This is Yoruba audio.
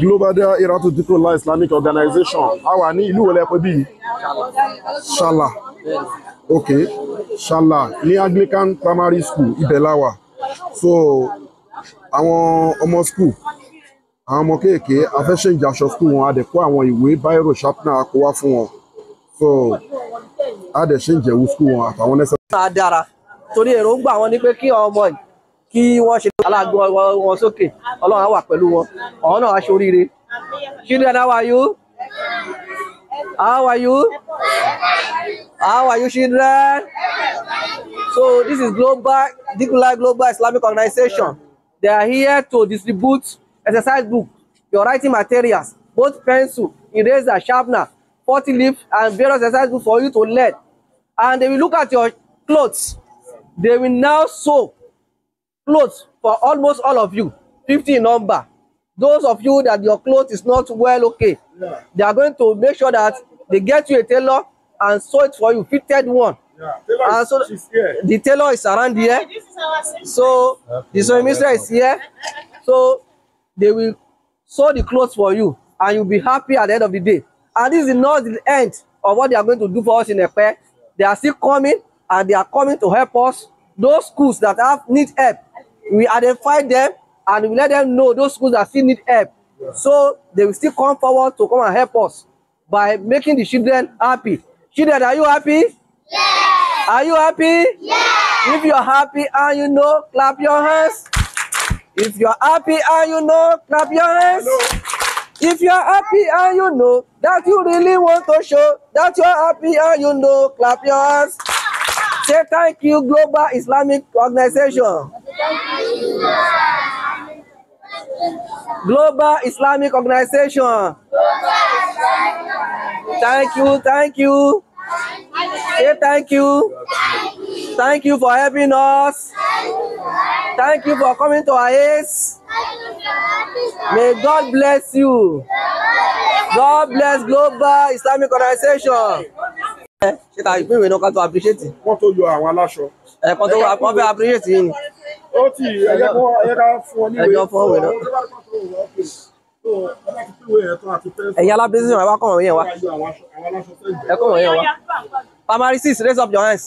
Global Dahiratu Dhikrlahi Islamic Organization a wà ní ìlú wọlé ẹ̀pẹ́ Shala ok Shala Ni Anglican Primary School Ibelawa. la wà so àwọn ọmọ school àwọn ọmọ kéèké afẹ́ṣẹ́ǹjì aṣọ school wọn a dẹ̀ kó àwọn ìwé báírò sharpener kó wá fún wọn so a dẹ̀ ṣèǹjẹ̀wò school wọn àtàwọn nẹ́sẹ̀. dáadáa torí èròǹgbà wọn ni pé kí ọmọ yìí kí wọ́n ṣe aláàgbé wọn sókè ọlọ́run á wà pẹ̀lú wọn ọ̀hún náà á ṣe oríire children how are you how are you how are you children so this is global Dhikrlahi global islamic organization they are here to distribute exercise book your writing materials both pencil eraser sharpener forty leaf and various exercise books for you to learn and they will look at your clothes they will now sew clothes for almost all of you, 50 number. Those of you that your clothes is not well okay, yeah. they are going to make sure that they get you a tailor and sew it for you, fitted one. Yeah, and so the tailor is around here. This is our so the sewing mistress is here. So they will sew the clothes for you and you'll be happy at the end of the day. And this is not the end of what they are going to do for us in Epe. They are still coming and they are coming to help us. Those schools that have need help we identify them and we let them know those schools that still need help. Yeah. So they will still come forward to come and help us by making the children happy. Children, are you happy? Yes. Are you happy? Yes. If you're happy and you know, clap your hands. If you're happy and you know, clap your hands. Hello. If you're happy and you know that you really want to show that you're happy and you know, clap your hands. Say thank you, Global Islamic Organization. Global Islamic Organization. Thank you, thank you. Say thank you. Thank you for helping us. Thank you for coming to our aid. May God bless you. God bless Global Islamic Organization. Ṣé ta ìpínlẹ̀ náà ká tó appreciate? Wọ́n tó yọ àwọn aláṣọ. Ẹ̀kan tó wà pọ́n fẹ́ appreciate yìí ni ọtí ẹ̀yẹ́ká fún ọ ní ìwé ẹ̀yọ́ fún ọ̀wé náà ẹ̀yin alábísí ìwọ̀n ẹ wá kọ̀ wọ̀nyẹn wá ẹ kọ̀ wọ̀nyẹn wá primary six raise up your hands.